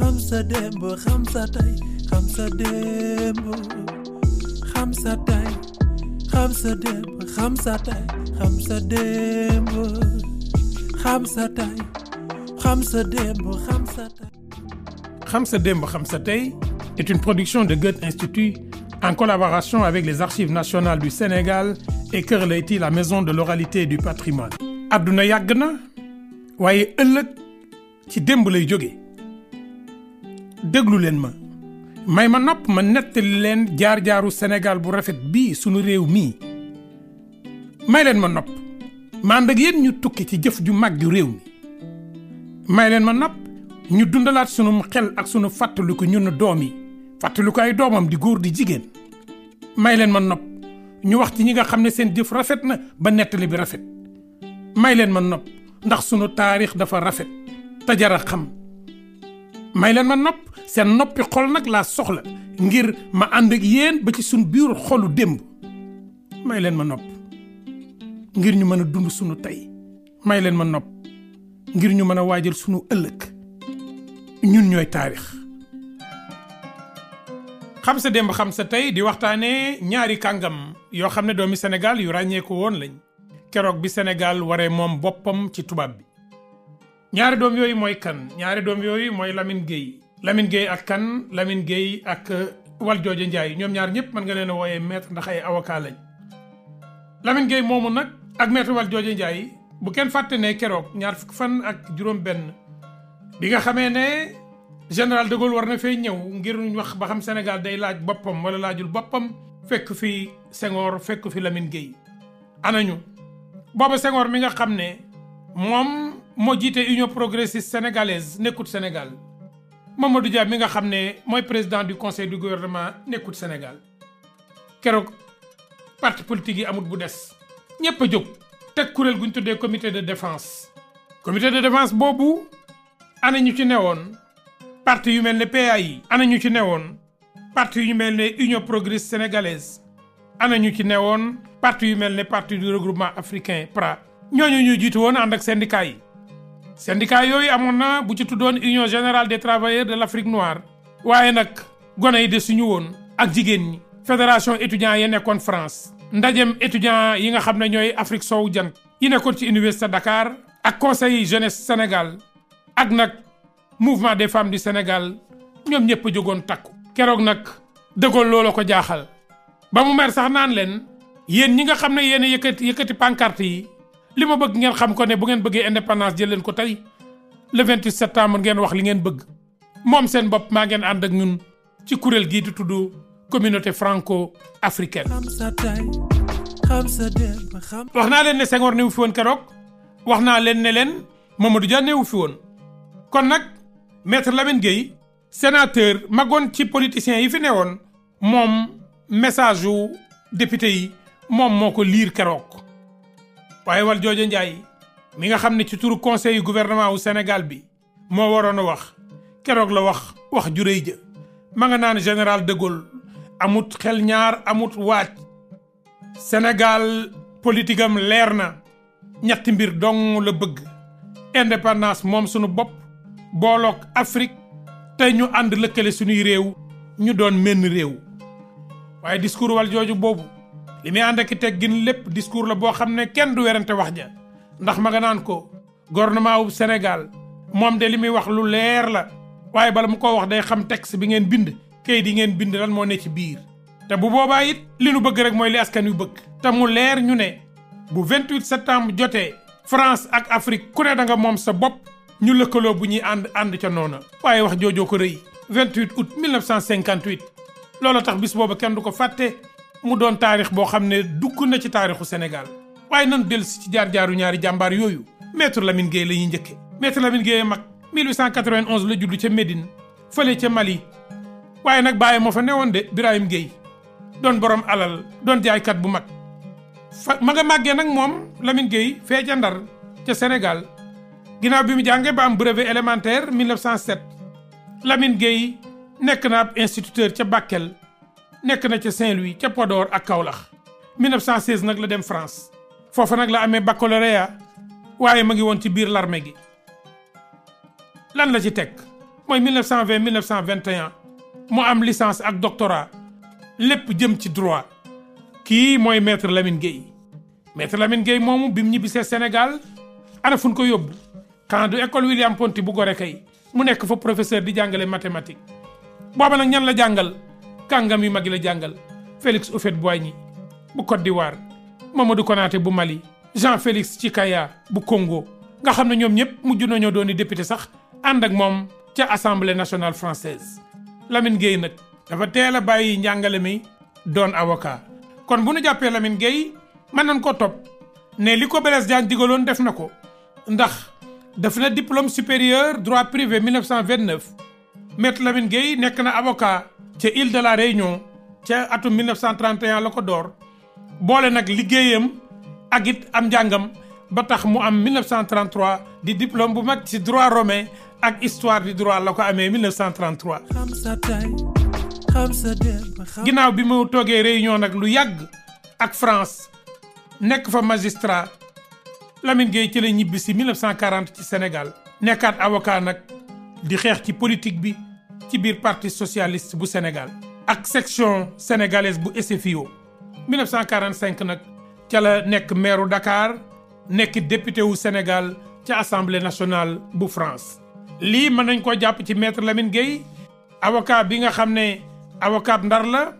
xam sa xam sa tey xam xam sa tey xam production de Goethe Institut en collaboration avec les Archives nationales du Sénégal et Kër Leyti la maison de l'oralité et du patrimoine. àdduna yàgg na waaye ëllëg ci démb lay jóge déglu leen ma may ma nopp ma nettali leen jaar-jaaru Sénégal bu rafet bii sunu réew mii may leen ma nopp ma ànd ak ñu tukki ci jëf ju mag ju réew mi may leen ma nopp ñu dundalaat sunu xel ak sunu fàttaliku ñun doom yi fàttaliku ay doomam di góor di jigéen may leen ma nopp ñu wax ci ñi nga xam ne seen jëf rafet na ba nettali bi rafet may leen ma nopp ndax sunu taarix dafa rafet te jar a xam may leen ma nopp seen noppi xol nag laa soxla ngir ma ànd yéen ba ci suñ biir xolu démb may leen ma nopp ngir ñu mën a dund sunu tey may leen ma nopp ngir ñu mën a waajal sunu ëllëg ñun ñooy taarix. xam sa démb xam sa tey di waxtaanee ñaari kàngam yoo xam ne doomi Sénégal yu ràññeeku woon lañ keroog bi Sénégal waree moom boppam ci tubaab bi. ñaari doom yooyu mooy kan ñaari doom yooyu mooy Lamine géey Lamine géey ak kan lamin Gueye ak Valdiodio uh, Ndiaye ñoom ñaar ñëpp mën nga leen a wooyee maître ndax ay avocat lañ Lamine Gueye moomu nag ak maître Valdiodio Ndiaye bu kenn fàtte ne keroog ñaar fukk fan ak juróom-benn bi nga xamee ne général de war na fee ñëw ngir ñu wax ba xam Sénégal day laaj boppam wala laajul boppam fekk fi Senghor fekk fi Lamine Gueye anañu booba Senghor mi nga xam ne moom. moo jiite union progressiste sénégalaise nekkut Sénégal du Dia mi nga xam ne mooy président du conseil du gouvernement nekkut Sénégal keroog parti politique yi amut bu des ñëpp jóg teg kuréel gu tuddee comité de défense. comité de défense boobu ana ñu ci newoon parti yu mel ne PAI ana ñu ci newoon parti yu mel ne union progressiste sénégalaise ana ñu ci newoon parti yu mel ne parti du regroupement africain PRA ñooñu ñu jiitu woon ànd ak syndicat yi. syndicat yooyu amoon na bu ci tuddoon union générale des travailleurs de l' Afrique waaye nag gone yi de suñu woon ak jigéen ñi fédération étudiants yi nekkoon France ndajem étudiants yi nga xam ne ñooy Afrique soow jan yi nekkoon ci université Dakar ak conseil jeunesse Sénégal ak nag mouvement des femme du Sénégal ñoom ñëpp a jógoon takku keroog nag De Gaulle loola ko jaaxal ba mu mer naan leen yéen ñi nga xam ne yéen a yëkkati yëkkati yi li ma bëgg ngeen xam ko ne bu ngeen bëggee indépendance jël leen ko tey le 28 septembre ngeen wax li ngeen bëgg moom seen bopp maa ngeen ànd ak ñun ci kuréel gii di tudd communauté franco africaine. wax naa leen ne Senghor ne wu fi woon keroog wax naa leen ne leen Mamadou Dia ne wu fi woon kon nag maître Lamine Gueye sénateur magoon ci politiciens yi fi woon moom message yu député yi moom moo ko liir keroog. waaye wal jooja njaay mi nga xam ne ci turu conseil yu gouvernement wu Sénégal bi moo waroon a wax keroog la wax wax juréy ja ma nga naan général de amut xel ñaar amut waaj Sénégal politique leer na ñetti mbir dong la bëgg indépendance moom sunu bopp boolook Afrique te ñu ànd lëkkale sunuy réew ñu doon menn réew waaye discours wal boobu li muy ànd ak i teggin lépp discours la boo xam ne kenn du werante wax ja ndax ma nga naan ko gouvernement wu Sénégal moom de li muy wax lu leer la waaye bala mu ko wax day xam texte bi ngeen bind kayit yi ngeen bind lan moo ne ci biir. te bu boobaa it li nu bëgg rek mooy li askan wi bëgg. te mu leer ñu ne bu 28 septembre jotee France ak Afrique ku ne da nga moom sa bopp ñu lëkkaloo bu ñuy ànd ànd ca noona waaye wax joojoo ko rëy 28 août 1958 loolu tax bis boobu kenn du ko fàtte. mu doon taarix boo xam ne dukk na ci taarixu Sénégal waaye nan dellu si ci jaar-jaaru ñaari jàmbaar yooyu maître Lamine Gueye la ñuy njëkke maître Lamine Gueye mag 1891 la judd ca Médine fële ca Mali waaye nag bàyyi moo fa ne woon de Birahim Gueye doon borom alal doon jaaykat bu mag fa ma nga nag moom Lamine Gueye fee ca Ndar ca Sénégal ginnaaw bi mu jàngee ba am brevet élémentaire 1907 Lamine Gueye nekk naa ab instituteur ca Bakel nekk na ca Saint-Louis ca Podor ak Kaolack 1916 nag la dem France foofa nag la amee baccalauréat waaye ma ngi woon ci biir l'armée gi lan la ci teg mooy 1920 1921 mu am licence ak doctorat lépp jëm ci droit kii mooy maître Lamine Gueye maître Lamine Gueye moomu bi mu ñibbisee senegal ana fu ko yóbbu camp du école William Ponty bu Gorée kay mu nekk fa professeur di jàngale mathématique booba nag ñan la jàngal. kàngam yu mag yi la jàngal Félix Houphouët-Boigny bu Côte d'Ivoire Mamadou Konaté bu Mali Jean-Félix Tchikaya bu Congo nga xam ne ñoom ñëpp mujj nañoo dooni député sax ànd ak moom ca assemblée nationale française Lamine Gueye nag dafa teel a bàyyi njàngale mi doon avocat kon bu nu jàppee Lamine Gueye mën nañ ko topp ne li ko Blaise Diagne digaloon def na ko ndax def na diplôme supérieur droit privé 1929 maître Lamine nekk na avocat ca île de la Réunion ca atum 1931 la ko door boole nag liggéeyam ak it am njàngam ba tax mu am 1933 di diplôme bu mag ci droit romain ak histoire du droit la ko amee 1933. ginnaaw bi mu toogee Réunion nag lu yàgg ak France nekk fa magistrat Lamine Gueye ci la ñibbi si 1940 ci Sénégal nekkaat avocat nag di xeex ci politique bi. ci biir parti socialiste bu Sénégal ak section sénégalaise bu SFIO 1945 nag ca la nekk maire Dakar nekk député wu Sénégal ca assemblée nationale bu France. lii mën nañ ko jàpp ci maître Lamine Gueye avocat bi nga xam ne avocat Ndar la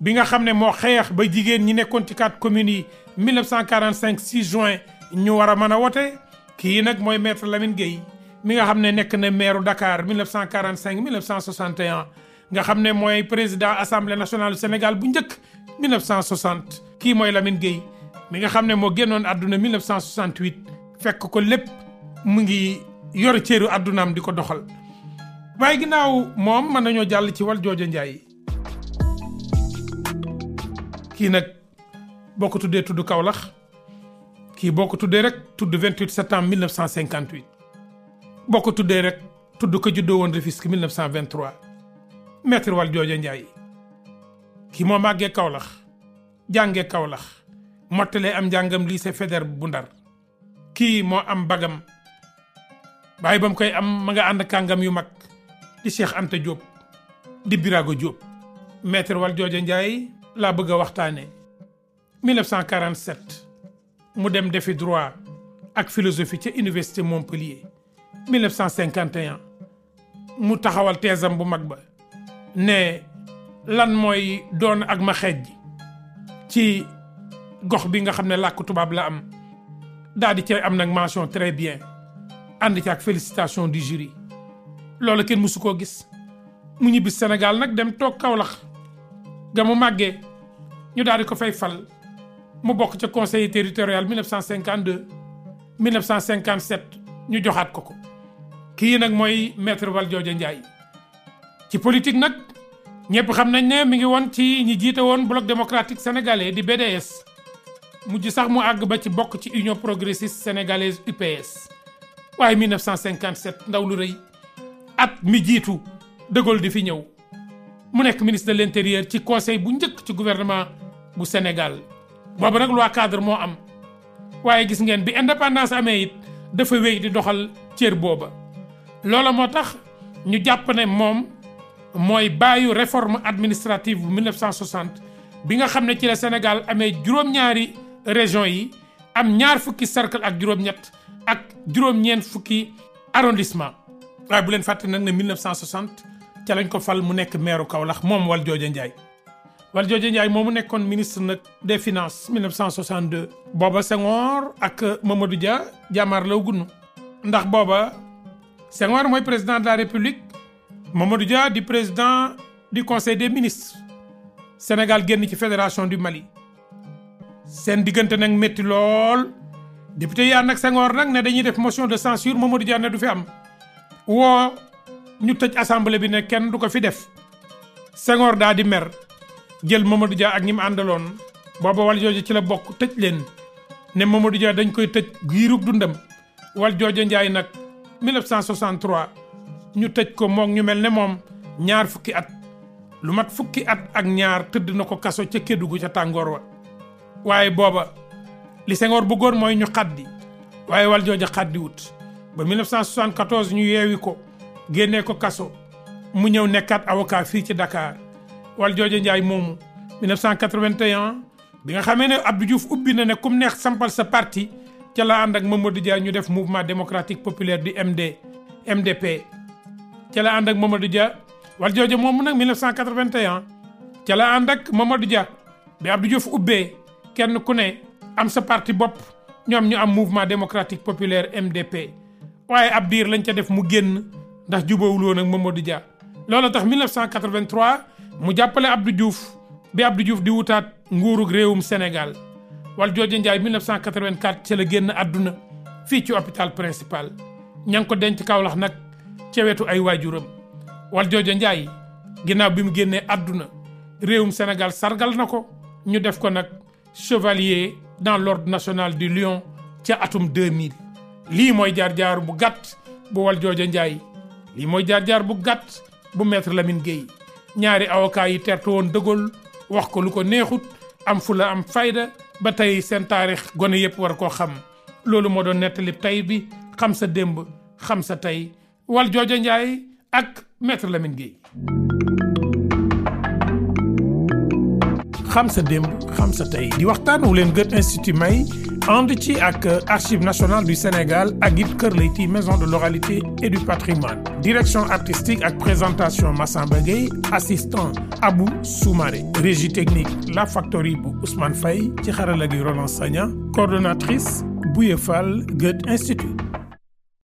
bi nga xam ne moo xeex ba jigéen ñi nekkoon ci quatre communes yi 1945 6 juin ñu war a mën a wote kii nag mooy maître Lamine Gueye. mi nga xam ne nekk ne maire Dakar 1945 1961 nga xam ne mooy président assemblée nationale du Sénégal bu njëkk 1960 kii mooy Lamine Gueye mi nga xam ne moo génnoon àdduna 1968 fekk ko lépp mu ngi yor céeru àddunaam di ko doxal waaye ginnaaw moom mën nañoo jàll ci wal jooja Njaay kii nag boo ko tuddee tudd Kaolack kii boo ko tuddee rek tudd 28 septembre 1958 boo ko tuddee rek tudd ko juddoo woon Rufisque 1923 wal Valdiodio Ndiaye kii moo màggee kaw Kaolack jàngee Kaolack mottalee am njàngam lycée Faidherbe bu Ndar kii moo am bagam waaye ba mu koy am ma nga ànd kàngam yu mag di Cheikh Anta Diop di jóob Diop. maître Valdiodio Ndiaye laa bëgg a waxtaanee 1947 mu dem defi droit ak philosophie ca université Montpellier. 1951 mu taxawal teesam bu mag ba ne lan mooy doon ak ma xeej ci gox bi nga xam ne làkk tubaab la am daal di cay am nag mention très bien ànd ci ak félicitation di jury loolu kenn mësu koo gis mu ñibbi Sénégal nag dem toog Kaolack ga mu màggee ñu daal di ko fay fal mu bokk ca conseil territorial 1952 1957 ñu joxaat ko ko kii nag mooy maître Valdiodio Ndiaye ci politique nag ñëpp xam nañ ne mi ngi woon ci ñi jiite woon bloc démocratique sénégalais di BDS mujj sax mu àgg ba ci bokk ci union progressiste sénégalaise UPS waaye 1957 ndaw lu rëy at mi jiitu De di fi ñëw mu nekk ministre de l'intérieur ci conseil bu njëkk ci gouvernement bu Sénégal boobu nag loi cadre moo am waaye gis ngeen bi indépendance amee it dafa wéy di doxal cër booba loola moo tax ñu jàpp ne moom mooy bàyyu réforme administrative bu 1960 bi nga xam ne ci la Sénégal amee juróom-ñaari région yi am ñaar fukki cercle ak juróom-ñett ak juróom-ñeent fukki arrondissement waaye bu leen fàtte nag ne 1960 ca lañ ko fal mu nekk meeru Kaolack moom wal jooja Ndiaye Valdiodio Ndiaye moomu nekkoon ministre nag des finances 1962. booba Senghor ak Mamadou Dia jàmmaar la gunnu ndax booba Senghor mooy président de la république Mamadou jaa di président du conseil des ministres Sénégal génn ci fédération du Mali. seen diggante nag métti lool député yaa nag Senghor nag ne dañuy def motion de censure Mamadou Dia ne du fi am woo ñu tëj assemblée bi ne kenn du ko fi def Senghor daa di mer. jël Mamadou ak ñi mu àndaloon booba wal jooja ci la bokk tëj leen ne Mamadou Dia dañ koy tëj giirug dundam wal jooja Njaay nag 1963 ñu tëj ko moog ñu mel ne moom ñaar fukki at lu mat fukki at ak ñaar tëdd na ko kaso ca Kédougou ca tàngoor wa waaye booba li bu bëggoon mooy ñu xaddi waaye wal jooja xaddi wut ba ñu yeewi ko génnee ko kaso mu ñëw nekkaat avocat fii ci dakaar wal jooje Ndiaye moomu 1981 bi nga xamee ne Abdou Diouf ubbi na ne kum neex sampal sa parti ca la ànd ak Mamadou Dia ñu def mouvement démocratique populaire du MD MDP. ca la ànd ak jaa Dia wal jooje moomu nag 1981 ca la ànd ak Mamadou Dia bi Abdou Diouf ubbee kenn ku ne am sa parti bopp ñoom ñu am mouvement démocratique populaire MDP waaye ab diir lañ ca def mu génn ndax jubóowul woon ak Mamadou Dia. loolu tax mu jàppale Abdou Diouf bi Abdou Diouf di wutaat nguurug réewum Sénégal wal jooja Ndiaye 1984 ci la génn àdduna fii ci hôpital principal ña ngi ko denc Kaolack nag ca wetu ay waajuram wal jooja Ndiaye ginnaaw bi mu génnee àdduna réewum Sénégal sargal na ko ñu def ko nag chevalier dans l'ordre national du Lion ca atum 2000 lii mooy jaar-jaar bu gàtt bu wal jooja Ndiaye lii mooy jaar-jaar bu gàtt bu maître Lamine Guèye ñaari avocat yi tertu woon de wax ko lu ko neexut am fu la am fayda ba tey seen taarix gone yëpp war koo xam loolu moo doon nettali tey bi xam sa démb xam sa tey wal jooja Njaay ak la Lamine Guèye xam sa démb xam sa tey di waxtaan wu leen Goethe Institut may ànd ci ak Archives nationales du Sénégal ak it Kër Leyti maison de l'oralité et du patrimoine direction artistique ak présentation Massamba Gueye assistant Abou Soumaré régie technique La Factory bu Ousmane Faye ci xarala gi Roland Sagna coordonnatrice Bouye Fall Goethe Institut